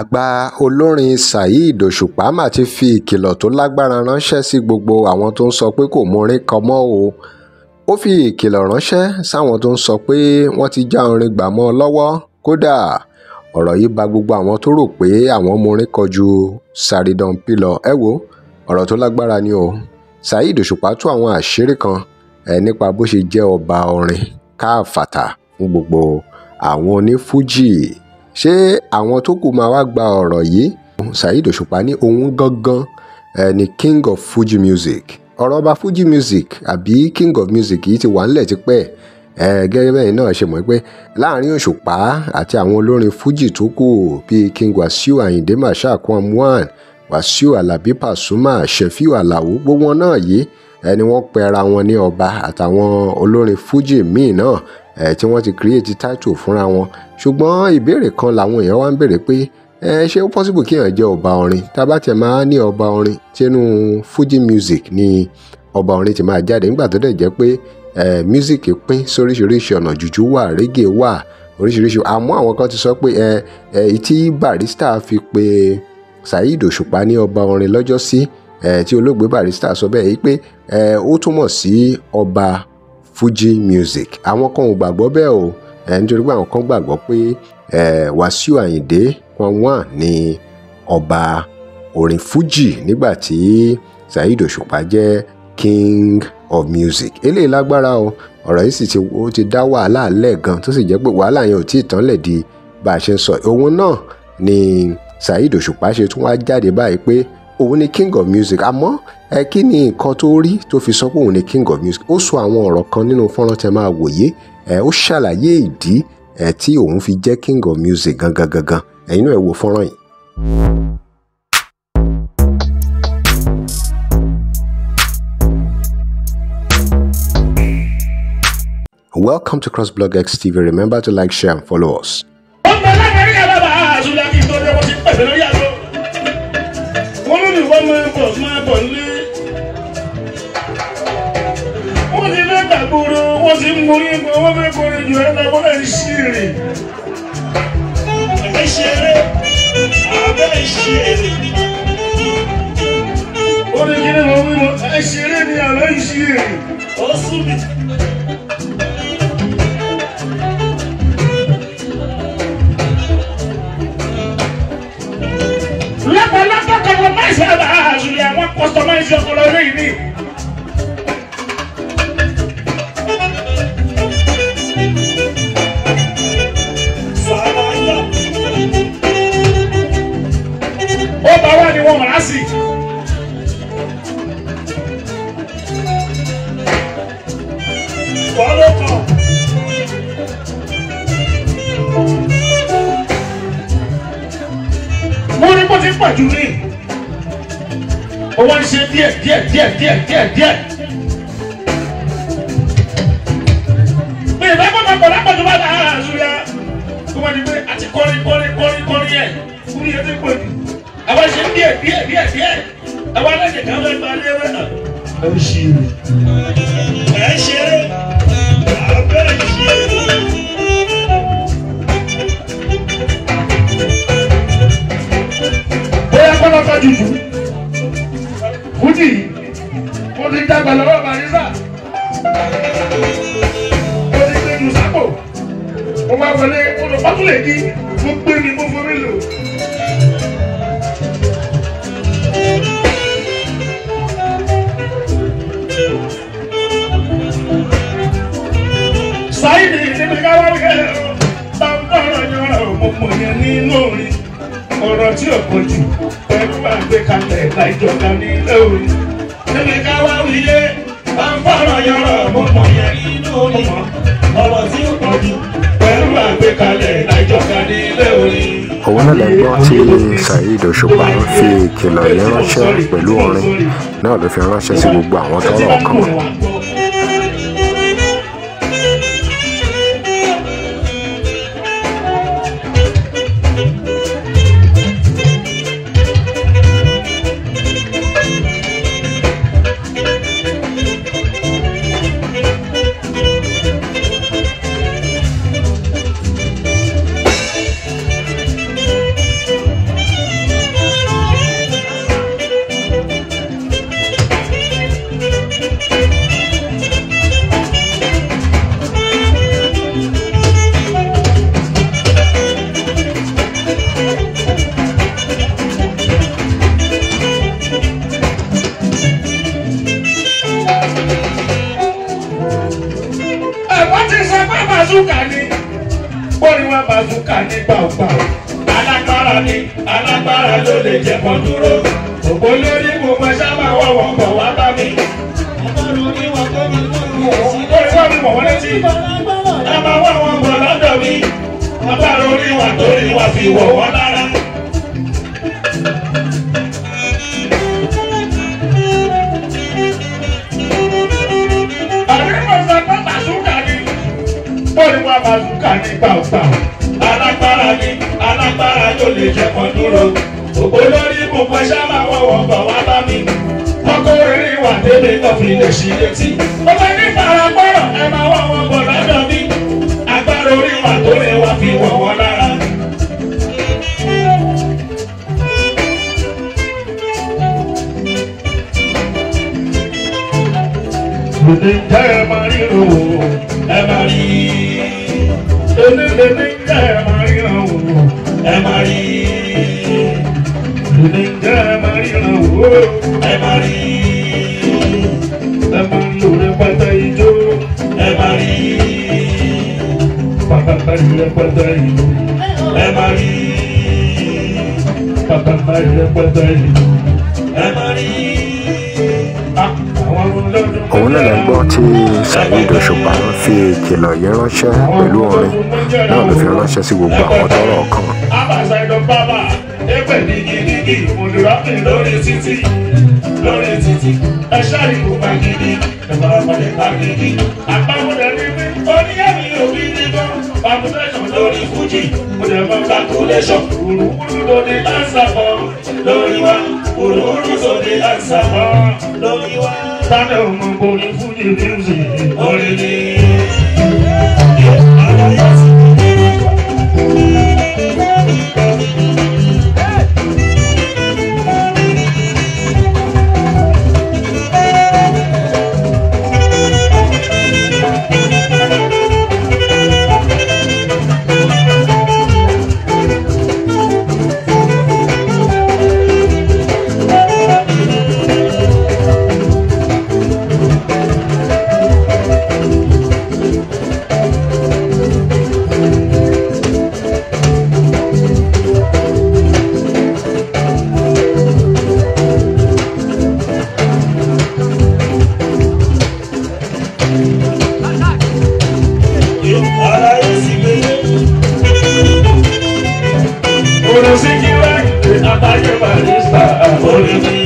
àgbà olórin saheed òṣùpá mà ti fi ìkìlọ̀ tó lágbára ránṣẹ́ sí gbogbo àwọn tó ń sọ pé kò mórin kan o ó fi ìkìlọ̀ ránṣẹ́ sáwọn tó ń sọ pé wọ́n ti já orin gbà mọ́ ọ lọ́wọ́ kódà ọ̀rọ̀ yìí ba gbogbo àwọn tó rò pé àwọn mórin kọjú sàrídọ̀npì lọ ẹ wo ọ̀rọ̀ tó lágbára ni o saheed òṣùpá tú àwọn àṣírí kan ẹ nípa bó ṣe jẹ́ ọba orin káàfàtà fún gbogbo àwọn onífújì ṣé àwọn tó kù máa wá gba ọ̀rọ̀ yìí Saheed Òṣùpá ní òun gangan ẹ eh, ni king of fuji music ọ̀rọ̀ ọba fuji music àbí king of music yìí ti wà nílẹ̀ tipẹ́ ẹ eh, gẹ́gẹ́ bẹ́ẹ̀ náà ṣe mọ̀ pé láàrin Òṣùpá àti àwọn olórin fuji tó kù bíi king Wasiu Ayinde Marshal Kwamwan Wasiu Alabi Pasuma Sefiu Alao gbogbo wọn náà yìí ẹni eh, wọ́n pẹra wọn ní ọba àtàwọn olórin fuji míì náà ẹ tí wọ́n ti create title fúnra wọn ṣùgbọ́n ìbéèrè kan làwọn èèyàn wá ń béèrè pé ẹ ṣé ó possible kí èèyàn jẹ́ ọba orin tá a bá tiẹ̀ máa ní ọba orin tínú Fuji music ni ọba orin ti máa jáde nígbà tó dẹ̀ jẹ́ pé ẹ music pín sóríṣiríṣi ọ̀nà jùjú wà reggae wà oríṣiríṣi àmọ́ àwọn kan ti sọ pé ẹ ẹ tí Barrister fi pe Saheed Òṣùpá ní ọba orin lọ́jọ́ sí ẹ tí olóògbé Barrister sọ bẹ́ẹ̀ yìí pé ẹ ó túmọ̀ sí ọba Fuji Music àwọn kan ò gbàgbọ́ bẹ́ẹ̀ o ẹ̀ nítorí pé àwọn kan gbàgbọ́ pé Wàsíù Àyìndé Quadri ni ọba orin Fuji nígbà tí Saheed Òṣùpá jẹ́ King of Music eléyìí lágbára o ọ̀rọ̀ yìí sì ti ó ti dá wàhálà lẹ̀ gan tó sì jẹ́ pé wàhálà yẹn ò tí ì tán di bá a ṣe ń sọ òun náà ni Saheed Òṣùpá ṣe tún wá jáde báyìí pé òun ni king of music àmọ́ ẹ kí ni nǹkan tó rí tó fi sọ pé òun ni king of music ó sọ àwọn ọ̀rọ̀ kan nínú fọ́nrán tẹ máa wòye ẹ ó ṣàlàyé ìdí ẹ tí òun fi jẹ́ king of music gangan gangan ẹ̀yin náà ẹ wo fọ́nrán yìí. Welcome to CrossBlog X TV. Remember to like, share, and follow us. mo rí egbò owó fẹ́ kórè jù ẹ lọ bọ́lá ń ṣí rè. ẹ ṣe eré abẹ́ ìṣe eré. ó ní kí ni mo ti pọ̀ jù ní owó ń ṣe díẹ̀ díẹ̀ díẹ̀ díẹ̀ díẹ̀ díẹ̀. mi ìfẹ́ kó máa pọ̀lá pọ̀ tó bá dáa àzúyà kó máa di pé a ti kọrin kọrin kọrin kọrin yẹn kúrú yẹn ti pọ̀ jù àwọn ṣe díẹ̀ díẹ̀ díẹ̀ díẹ̀ àwọn aláṣẹ kan fẹ́ gba ilé rẹ̀ náà. ẹ ṣe é. ẹ ṣe lọ́pọ̀lọpọ̀ jùjú fújì mo ti dàgbà lọ́wọ́ barisa mo ti gbé jù sápò mo máa wọlé olùpọ́tù lè mo gbé mi mo forí lò. sáyidì níbi káwá wíkẹ́ bá ń bọ̀rọ̀ yọ̀rọ̀ mo mọ̀ yẹn nínú orin ọ̀rọ̀ tí ò pọ̀ jù ẹrú bá gbé kalẹ̀ láìjọba nílé o. níbi ká wá wíyé bá ń fọ́nà yọrọ mo mọ̀ yẹn nínú mi ọ̀rọ̀ tí ó pọ̀ jù ẹrú bá gbé kalẹ̀ láìjọba nílé o òun náà lẹ́gbọ́n tí Saheed Òṣùpá ń fi ìkìlọ̀ yẹn ránṣẹ́ pẹ̀lú orin náà ló fi ránṣẹ́ sí gbogbo àwọn tọ́rọ̀ kan. bàzúkà ni gbóríwá bàzúkà ni gbàgbà alágbára ni alágbára ló lè jẹ̀bọ̀ dúró òbó lórí mo máa sábà wà wọ́n bọ̀ wá bá mi. gbóríwá mi mọ̀ wọ́n létí ẹ máa wà wọ́n bọ̀ lọ́dọ̀ mi. bàbá lórí wà torí wà fi wọ̀ wọ́n lára. pàápàá. alágbára ni alágbára yóò lè jẹ́ kan dúró olórí ibùkún ṣá máa wọ̀ bọ̀ wá bá mi. wọ́n kó rírí wà délé náà fi lè ṣí létí. ó bá ní farapọ̀rọ̀ ẹ máa wọ̀ wọ̀ bọ̀ lọ́dọ̀ mi. agbára orí wà tó lè wá fi wọ̀ wọ́n lára. Gbèdéńtẹ́ ẹ máa rí òwò ẹ máa rí i lè ní jẹ́ ẹ máa ríran wò ẹ máa rí. Lè ní jẹ́ ẹ máa ríran wò ẹ máa rí. Ẹ máa rí òde pátá ijó ẹ máa rí. Pàpàpà ìrẹ́ pátá ijó ẹ máa rí. Pàpàpà ìrẹ́ pátá ijó. òun náà lè gbọ́ tí Saheed Òṣùpá fi ìkìlọ̀ yìí ránṣẹ́ pẹ̀lú orin náà ló fi ránṣẹ́ sí gbogbo àwọn tọ́rọ̀ kan. ẹgbẹ́ ní gidigidi olùrápìn lórí títì lórí títì ẹ ṣáàrì kò bá gidi ẹ bá wọlé bá gidi àpamọ́dé rí mi ó ní ẹ̀mí òbí nígbà palpitation lórí fújì mo dẹ̀ ansa kan lórí wa òrùkúrú ló ansa kan lórí wa sáré òun borí fújì music orin ni. Thank you.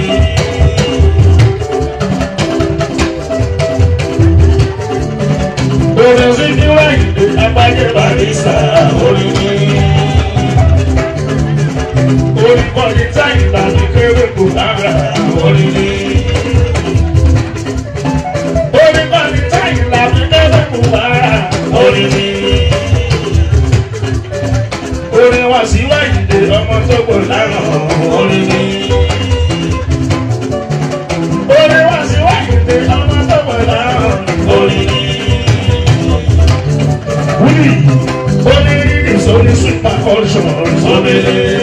Obele.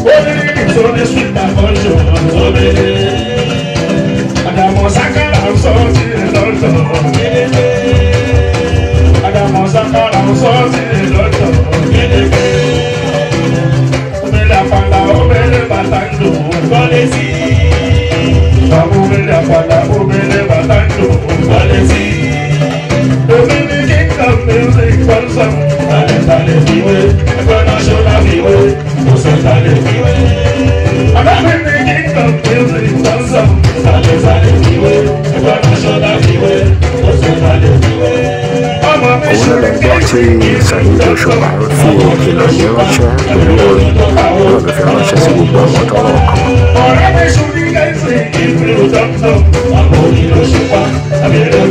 Obele ni so ne sweet abortion. Obele. Adamo sakala so si lọ́tọ̀. Kedebe. Adamo sakala so si lọ́tọ̀. Kedebe. Obele apala obele batando. Kọ́lé sí. Bàbá obele apala obele. sí Saheed Òṣùpá fi ìkìlọ̀ yìí ránṣẹ́ pẹ̀lú orin náà ló fi ránṣẹ́ sí gbogbo àwọn tọ́rọ̀ kan. Ẹni tó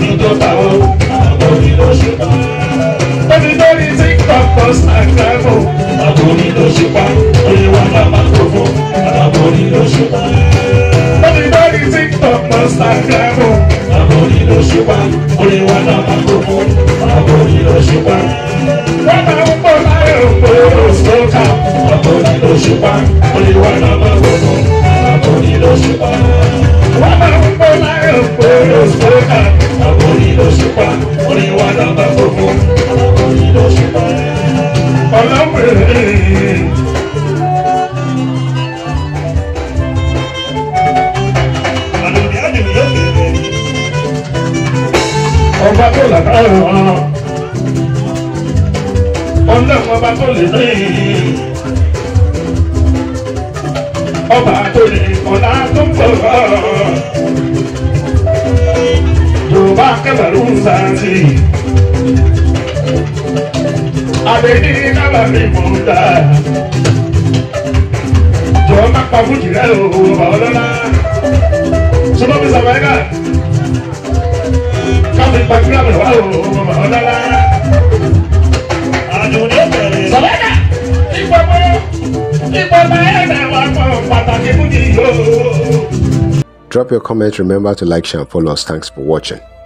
ní TikTok post and Grabo, àbò ní ló the pa, òye wa náà máa ń kó fún, àbò ní ló ṣe pa. Ẹni tó ní TikTok post and Grabo, àbò ní ló ṣe pa, òye wa náà máa ń kó fún ọ̀pọ̀ nínú ṣùpá. Wọ́n máa ń bọ̀ láyé òpó òṣùpá. Ọ̀pọ̀ nínú ṣùpá. Olúwa náà máa gbogbo. Ọ̀pọ̀ nínú ṣùpá. Wọ́n máa ń bọ̀ láyé òpó òṣùpá. Ọ̀pọ̀ nínú ṣùpá. Olúwa náà máa gbogbo. Ọ̀pọ̀ nínú ṣùpá. Ọlọ́pẹ̀ ọba tó ọba tó lè rìn ọba tó lè ọ̀la tó ń bọ̀ yorùbá kẹbàrú ń sáńsì àbẹ̀dí nábà mi mú ta jọ má pa fún jìrẹ́ o ọba ọlọ́lá sọ́dọ̀ mi sàmẹ́gà káfíńpá gíláàmù wà o ọba ọlọ́lá. Drop your comments. Remember to like, share, and follow us. Thanks for watching.